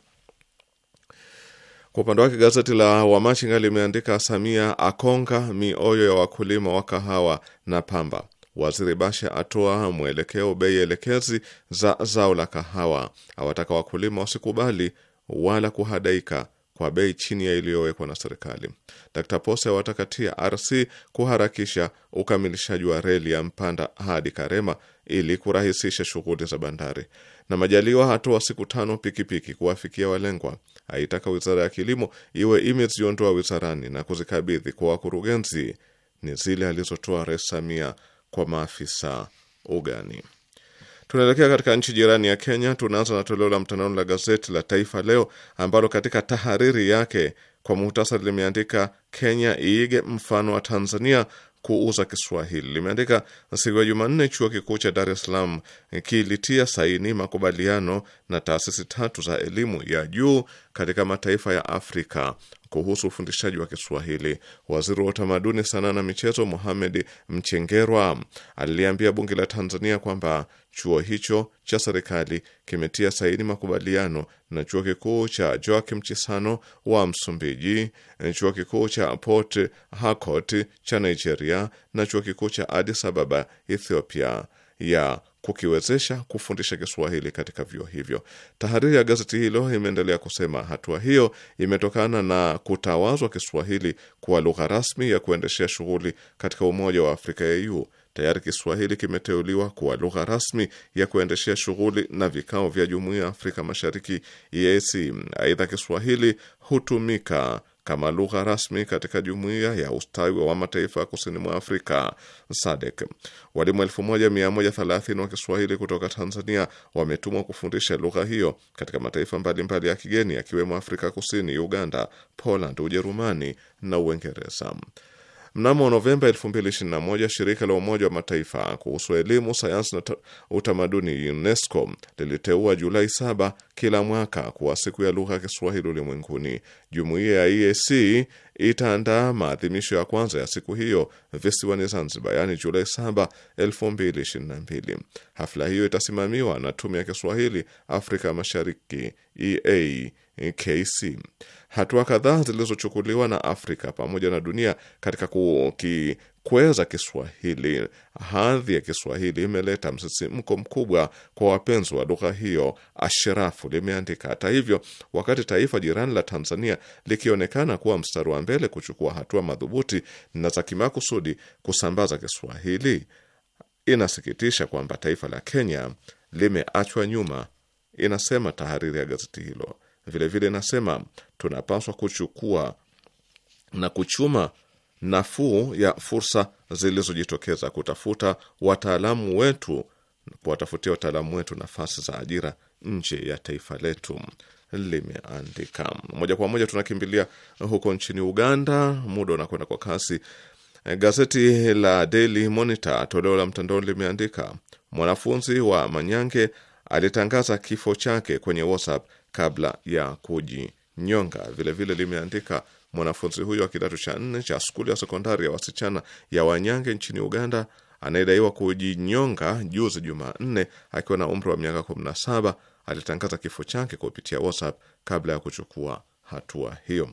Kwa upande wake gazeti la Wamachinga limeandika Samia akonga mioyo ya wakulima wa kahawa na pamba Waziri Bashe atoa mwelekeo bei elekezi za zao la kahawa, awataka wakulima wasikubali wala kuhadaika kwa bei chini ya iliyowekwa na serikali. Dkt Pose awataka TRC kuharakisha ukamilishaji wa reli ya Mpanda hadi Karema ili kurahisisha shughuli za bandari. Na Majaliwa hatoa siku tano pikipiki kuwafikia walengwa, aitaka wizara ya kilimo iwe imeziondoa wizarani na kuzikabidhi kwa wakurugenzi. Ni zile alizotoa Rais Samia kwa maafisa ugani. Tunaelekea katika nchi jirani ya Kenya. Tunaanza na toleo la mtandaoni la gazeti la Taifa Leo ambalo katika tahariri yake kwa muhtasari limeandika Kenya iige mfano wa Tanzania kuuza Kiswahili. Limeandika siku ya Jumanne, chuo kikuu cha Dar es Salaam kilitia saini makubaliano na taasisi tatu za elimu ya juu katika mataifa ya Afrika kuhusu ufundishaji wa Kiswahili. Waziri wa utamaduni, sanaa na michezo Mohamed Mchengerwa aliliambia bunge la Tanzania kwamba chuo hicho cha serikali kimetia saini makubaliano na chuo kikuu cha Joakim Chisano wa Msumbiji, chuo kikuu cha Port Harcourt cha Nigeria na chuo kikuu cha Addis Ababa, Ethiopia ya kukiwezesha kufundisha Kiswahili katika vyuo hivyo. Tahariri ya gazeti hilo imeendelea kusema hatua hiyo imetokana na kutawazwa Kiswahili kuwa lugha rasmi ya kuendeshea shughuli katika Umoja wa Afrika AU. Tayari Kiswahili kimeteuliwa kuwa lugha rasmi ya kuendeshea shughuli na vikao vya Jumuiya ya Afrika Mashariki EAC. Aidha, Kiswahili hutumika kama lugha rasmi katika jumuiya ya ustawi wa mataifa ya kusini mwa Afrika SADC. Walimu 1130 wa Kiswahili kutoka Tanzania wametumwa kufundisha lugha hiyo katika mataifa mbalimbali mbali ya kigeni yakiwemo Afrika Kusini, Uganda, Poland, Ujerumani na Uingereza. Mnamo Novemba 2021 shirika la Umoja wa Mataifa kuhusu elimu, sayansi na utamaduni UNESCO liliteua Julai 7 kila mwaka kuwa siku ya lugha ya Kiswahili ulimwenguni. Jumuiya ya EAC itaandaa maadhimisho ya kwanza ya siku hiyo visiwani Zanzibar, yaani Julai 7, 2022. Hafla hiyo itasimamiwa na Tume ya Kiswahili Afrika Mashariki, EAKC hatua kadhaa zilizochukuliwa na Afrika pamoja na dunia katika kukikweza Kiswahili. Hadhi ya Kiswahili imeleta msisimko mkubwa kwa wapenzi wa lugha hiyo, Ashirafu limeandika. Hata hivyo, wakati taifa jirani la Tanzania likionekana kuwa mstari wa mbele kuchukua hatua madhubuti na za kimakusudi kusambaza Kiswahili, inasikitisha kwamba taifa la Kenya limeachwa nyuma, inasema tahariri ya gazeti hilo. Vilevile nasema tunapaswa kuchukua na kuchuma nafuu ya fursa zilizojitokeza, kutafuta wataalamu wetu, kuwatafutia wataalamu wetu nafasi za ajira nje ya taifa letu, limeandika. Moja kwa moja tunakimbilia huko nchini Uganda, muda unakwenda kwa kasi. Gazeti la Daily Monitor toleo la mtandaoni limeandika mwanafunzi wa Manyange alitangaza kifo chake kwenye WhatsApp kabla ya kujinyonga. Vilevile limeandika mwanafunzi huyo wa kidato cha nne cha skuli ya sekondari ya wasichana ya Wanyange nchini Uganda anayedaiwa kujinyonga juzi Jumanne akiwa na umri wa miaka 17 alitangaza kifo chake kupitia WhatsApp kabla ya kuchukua hatua hiyo.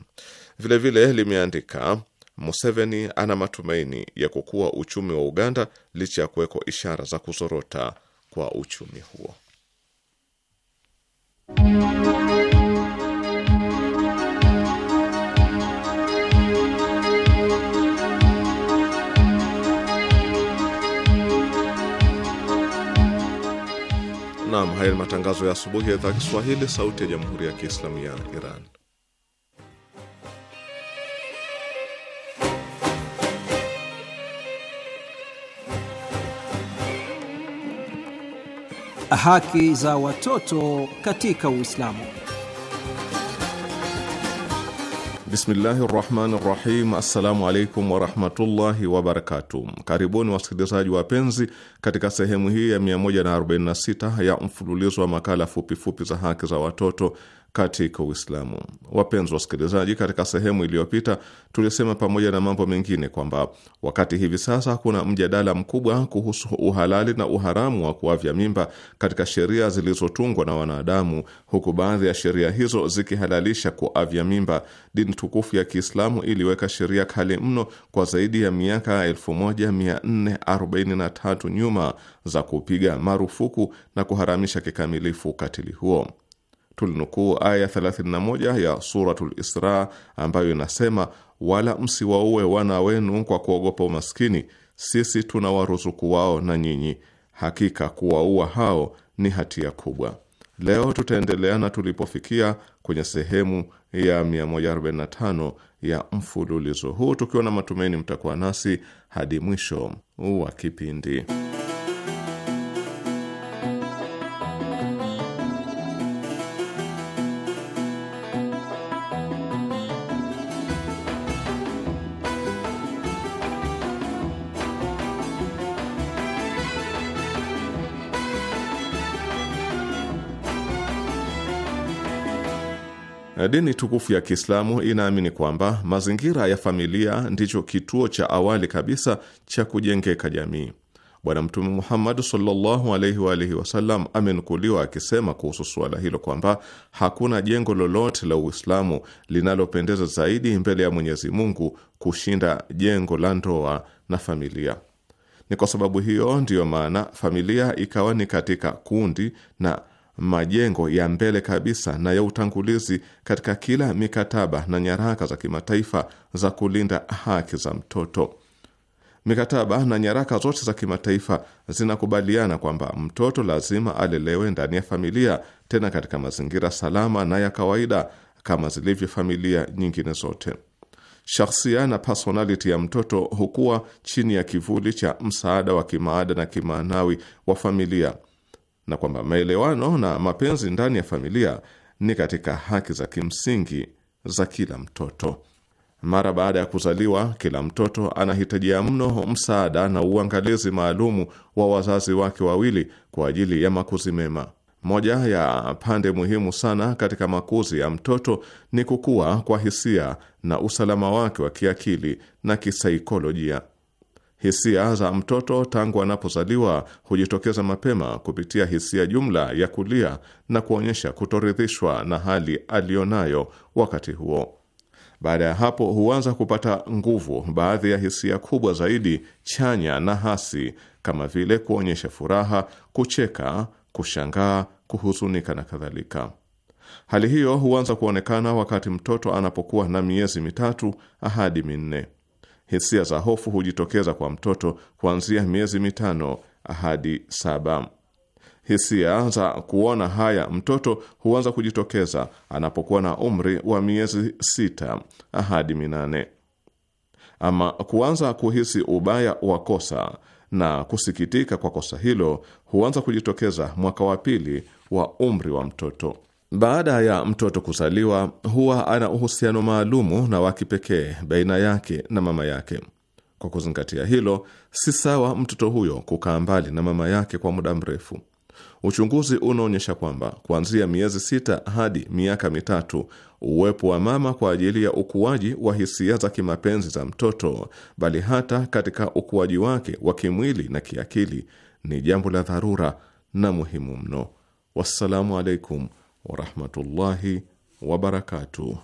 Vilevile limeandika Museveni ana matumaini ya kukua uchumi wa Uganda licha ya kuwekwa ishara za kuzorota kwa uchumi huo. Naam, haya ni matangazo ya asubuhi ya idhaa Kiswahili, sauti ya jamhuri ya kiislamu ya Iran. Haki za watoto katika Uislamu. Bismillahi rahmani rahim. Assalamu alaikum warahmatullahi wabarakatuh. Karibuni wasikilizaji wapenzi, katika sehemu hii ya 146 ya mfululizo wa makala fupifupi fupi za haki za watoto katika Uislamu. Wapenzi wasikilizaji, katika sehemu iliyopita tulisema pamoja na mambo mengine kwamba wakati hivi sasa kuna mjadala mkubwa kuhusu uhalali na uharamu wa kuavya mimba katika sheria zilizotungwa na wanadamu, huku baadhi ya sheria hizo zikihalalisha kuavya mimba. Dini tukufu ya Kiislamu iliweka sheria kali mno kwa zaidi ya miaka 1443 nyuma za kupiga marufuku na kuharamisha kikamilifu ukatili huo tulinukuu aya 31 ya Suratul Isra ambayo inasema, wala msiwaue wana wenu kwa kuogopa umaskini, sisi tuna waruzuku wao na nyinyi, hakika kuwaua hao ni hatia kubwa. Leo tutaendelea na tulipofikia kwenye sehemu ya 145 ya mfululizo huu, tukiwa na matumaini mtakuwa nasi hadi mwisho wa kipindi. Dini tukufu ya Kiislamu inaamini kwamba mazingira ya familia ndicho kituo cha awali kabisa cha kujengeka jamii. Bwana Mtume Muhammad sallallahu alaihi wa alihi wasallam amenukuliwa akisema kuhusu suala hilo kwamba hakuna jengo lolote la Uislamu linalopendeza zaidi mbele ya Mwenyezi Mungu kushinda jengo la ndoa na familia. Ni kwa sababu hiyo ndiyo maana familia ikawa ni katika kundi na majengo ya mbele kabisa na ya utangulizi katika kila mikataba na nyaraka za kimataifa za kulinda haki za mtoto. Mikataba na nyaraka zote za kimataifa zinakubaliana kwamba mtoto lazima alelewe ndani ya familia, tena katika mazingira salama na ya kawaida kama zilivyo familia nyingine zote. shahsia na personality ya mtoto hukuwa chini ya kivuli cha msaada wa kimaada na kimaanawi wa familia na kwamba maelewano na mapenzi ndani ya familia ni katika haki za kimsingi za kila mtoto. Mara baada ya kuzaliwa, kila mtoto anahitajia mno msaada na uangalizi maalumu wa wazazi wake wawili kwa ajili ya makuzi mema. Moja ya pande muhimu sana katika makuzi ya mtoto ni kukua kwa hisia na usalama wake wa kiakili na kisaikolojia. Hisia za mtoto tangu anapozaliwa hujitokeza mapema kupitia hisia jumla ya kulia na kuonyesha kutoridhishwa na hali aliyonayo wakati huo. Baada ya hapo huanza kupata nguvu baadhi ya hisia kubwa zaidi, chanya na hasi, kama vile kuonyesha furaha, kucheka, kushangaa, kuhuzunika na kadhalika. Hali hiyo huanza kuonekana wakati mtoto anapokuwa na miezi mitatu hadi minne hisia za hofu hujitokeza kwa mtoto kuanzia miezi mitano hadi saba. Hisia za kuona haya mtoto huanza kujitokeza anapokuwa na umri wa miezi sita hadi minane. Ama kuanza kuhisi ubaya wa kosa na kusikitika kwa kosa hilo huanza kujitokeza mwaka wa pili wa umri wa mtoto. Baada ya mtoto kuzaliwa, huwa ana uhusiano maalumu na wa kipekee baina yake na mama yake. Kwa kuzingatia hilo, si sawa mtoto huyo kukaa mbali na mama yake kwa muda mrefu. Uchunguzi unaonyesha kwamba kuanzia miezi sita hadi miaka mitatu, uwepo wa mama kwa ajili ya ukuaji wa hisia za kimapenzi za mtoto, bali hata katika ukuaji wake wa kimwili na kiakili, ni jambo la dharura na muhimu mno. Wassalamu alaikum wa rahmatullahi wa barakatuh.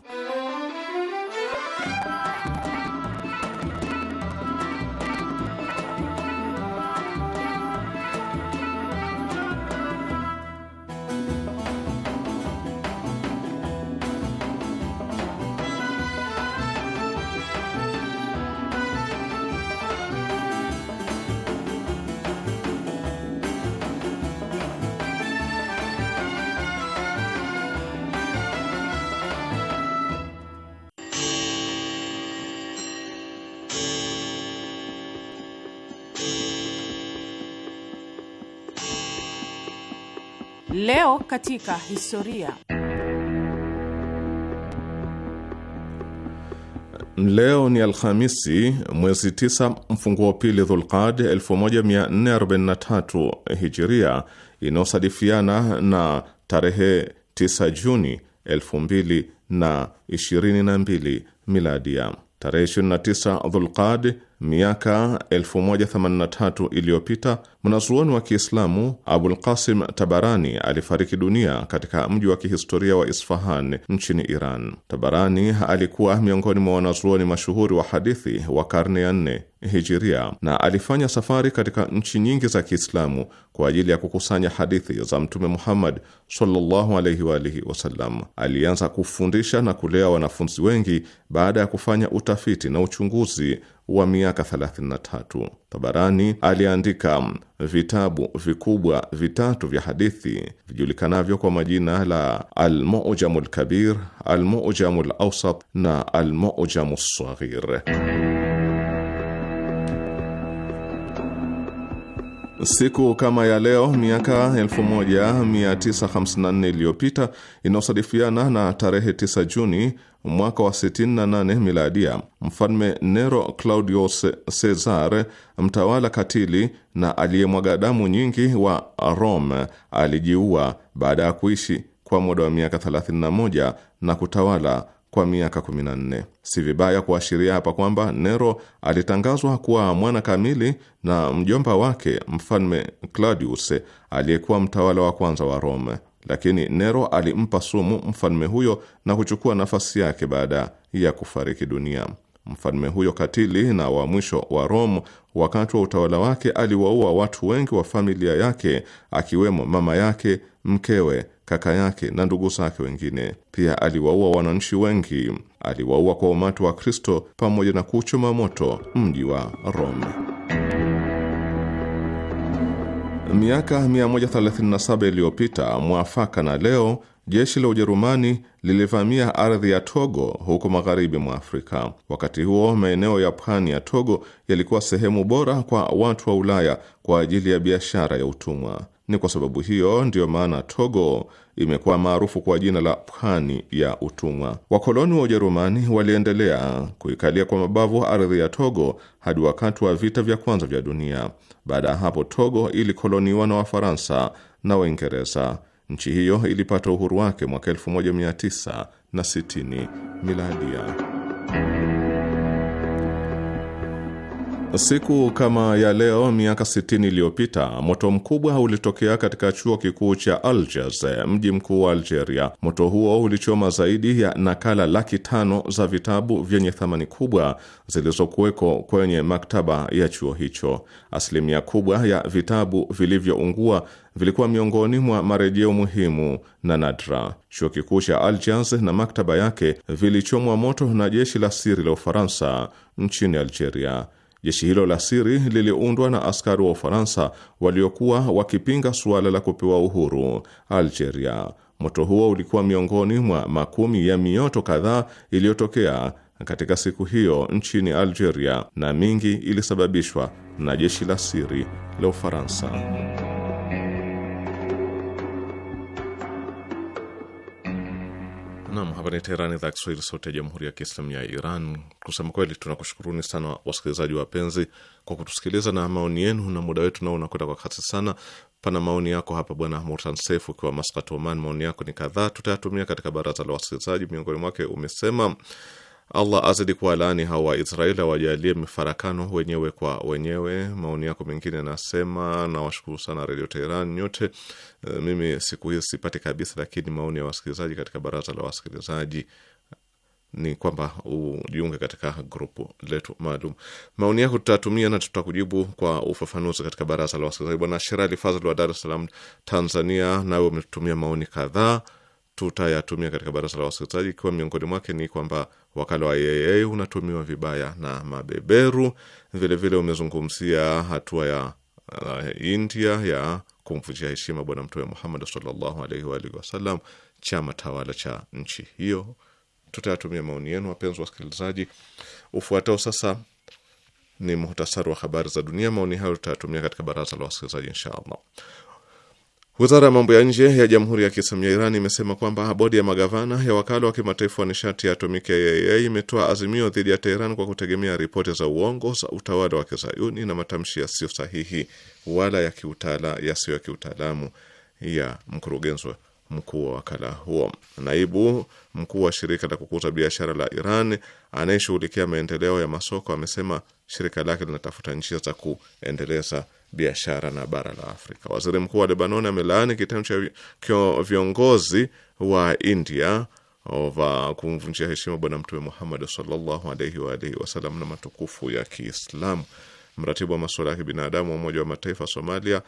Leo katika historia. Leo ni Alhamisi, mwezi 9 mfunguo pili Dhulqad 1443 Hijiria, inayosadifiana na tarehe 9 Juni 2022 Miladia. Tarehe 29 Dhulqad miaka 1083 iliyopita mwanazuoni wa Kiislamu Abul Qasim Tabarani alifariki dunia katika mji wa kihistoria wa Isfahan nchini Iran. Tabarani alikuwa miongoni mwa wanazuoni mashuhuri wa hadithi wa karne ya nne hijiria na alifanya safari katika nchi nyingi za Kiislamu kwa ajili ya kukusanya hadithi za Mtume Muhammad sallallahu alaihi wa alihi wasallam. Alianza kufundisha na kulea wanafunzi wengi baada ya kufanya utafiti na uchunguzi wa miaka 33 Tabarani aliandika vitabu vikubwa vitatu vya hadithi vijulikanavyo kwa majina la Almujamu lkabir, Almujamu lausat na Almujamu Lsaghir. Siku kama ya leo miaka 1954 iliyopita inayosadifiana na tarehe 9 Juni mwaka wa 68 miladia, mfalme Nero Claudius Caesar, mtawala katili na aliyemwaga damu nyingi wa Rome, alijiua baada ya kuishi kwa muda wa miaka 31 na kutawala kwa miaka 14. Si vibaya kuashiria hapa kwamba Nero alitangazwa kuwa mwana kamili na mjomba wake mfalme Claudius aliyekuwa mtawala wa kwanza wa Rome lakini Nero alimpa sumu mfalme huyo na kuchukua nafasi yake baada ya kufariki dunia. Mfalme huyo katili na wa mwisho wa Rome, wakati wa utawala wake, aliwaua watu wengi wa familia yake, akiwemo mama yake, mkewe, kaka yake na ndugu zake wengine. Pia aliwaua wananchi wengi. Aliwaua kwa umati wa Kristo pamoja na kuchoma moto mji wa Rome. Miaka 137 iliyopita mwafaka na leo, jeshi la Ujerumani lilivamia ardhi ya Togo huko magharibi mwa Afrika. Wakati huo maeneo ya pwani ya Togo yalikuwa sehemu bora kwa watu wa Ulaya kwa ajili ya biashara ya utumwa. Ni kwa sababu hiyo ndiyo maana Togo imekuwa maarufu kwa jina la pwani ya utumwa. Wakoloni wa Ujerumani waliendelea kuikalia kwa mabavu ardhi ya Togo hadi wakati wa vita vya kwanza vya dunia. Baada ya hapo, Togo ilikoloniwa na Wafaransa na Waingereza. Nchi hiyo ilipata uhuru wake mwaka 1960 miladia. Siku kama ya leo miaka 60 iliyopita moto mkubwa ulitokea katika chuo kikuu cha Algiers, mji mkuu wa Algeria. Moto huo ulichoma zaidi ya nakala laki tano za vitabu vyenye thamani kubwa zilizokuweko kwenye maktaba ya chuo hicho. Asilimia kubwa ya vitabu vilivyoungua vilikuwa miongoni mwa marejeo muhimu na nadra. Chuo kikuu cha Algiers na maktaba yake vilichomwa moto na jeshi la siri la Ufaransa nchini Algeria. Jeshi hilo la siri liliundwa na askari wa Ufaransa waliokuwa wakipinga suala la kupewa uhuru Algeria. Moto huo ulikuwa miongoni mwa makumi ya mioto kadhaa iliyotokea katika siku hiyo nchini Algeria, na mingi ilisababishwa na jeshi la siri la Ufaransa. Nam, hapa ni Teherani, idhaa Kiswahili, sauti ya jamhuri ya kiislamu ya Iran. Kusema kweli, tunakushukuruni sana wasikilizaji wapenzi kwa kutusikiliza na maoni yenu, na muda wetu nao unakwenda kwa kasi sana. Pana maoni yako hapa, Bwana Murtan sef ukiwa Maskat, Oman. Maoni yako ni kadhaa, tutayatumia katika baraza la wasikilizaji. Miongoni mwake umesema Allah azidi kuwa laani hawa Waisraeli, awajalie mifarakano wenyewe kwa wenyewe. Maoni yako mengine anasema, nawashukuru sana Redio Teheran nyote. E, Mimi siku hizi sipati kabisa, lakini maoni ya wasikilizaji katika baraza la wasikilizaji ni kwamba ujiunge katika grupu letu maalum. Maoni yako tutatumia na tutakujibu kwa ufafanuzi katika baraza la wasikilizaji. Bwana Sherali Fadhil wa Dar es Salaam, Tanzania, nawe umetutumia maoni kadhaa, tutayatumia katika baraza la wasikilizaji, ikiwa miongoni mwake ni kwamba Wakala wa IAEA unatumiwa vibaya na mabeberu. Vilevile vile umezungumzia hatua ya uh, India ya kumvunjia heshima Bwana Mtume Muhammad sallallahu alaihi wa alihi wasallam, chama tawala cha nchi hiyo. Tutayatumia maoni yenu, wapenzi wasikilizaji. Ufuatao sasa ni muhtasari wa habari za dunia. Maoni hayo tutayatumia katika baraza la wasikilizaji, insha allah. Wizara ya mambo ya nje ya Jamhuri ya Kiislamu ya Iran imesema kwamba bodi ya magavana ya wakala wa kimataifa wa nishati ya atomiki ya IAEA imetoa azimio dhidi ya Teheran kwa kutegemea ripoti za uongo za utawala wa kizayuni na matamshi yasiyo sahihi wala ya kiutala yasiyo ya kiutaalamu ya mkurugenzi mkuu wa wakala huo. Naibu mkuu wa shirika la kukuza biashara la Iran anayeshughulikia maendeleo ya masoko amesema shirika lake linatafuta njia za kuendeleza biashara na bara la Afrika. Waziri mkuu wa Lebanon amelaani kitendo cha viongozi wa India wa kumvunjia heshima Bwana Mtume Muhammad sallallahu alaihi wa alihi wasallam na matukufu ya Kiislamu. Mratibu wa masuala ya kibinadamu wa Umoja wa Mataifa Somalia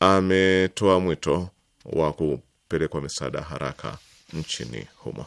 ametoa mwito wa ku kupelekwa misaada haraka nchini humo.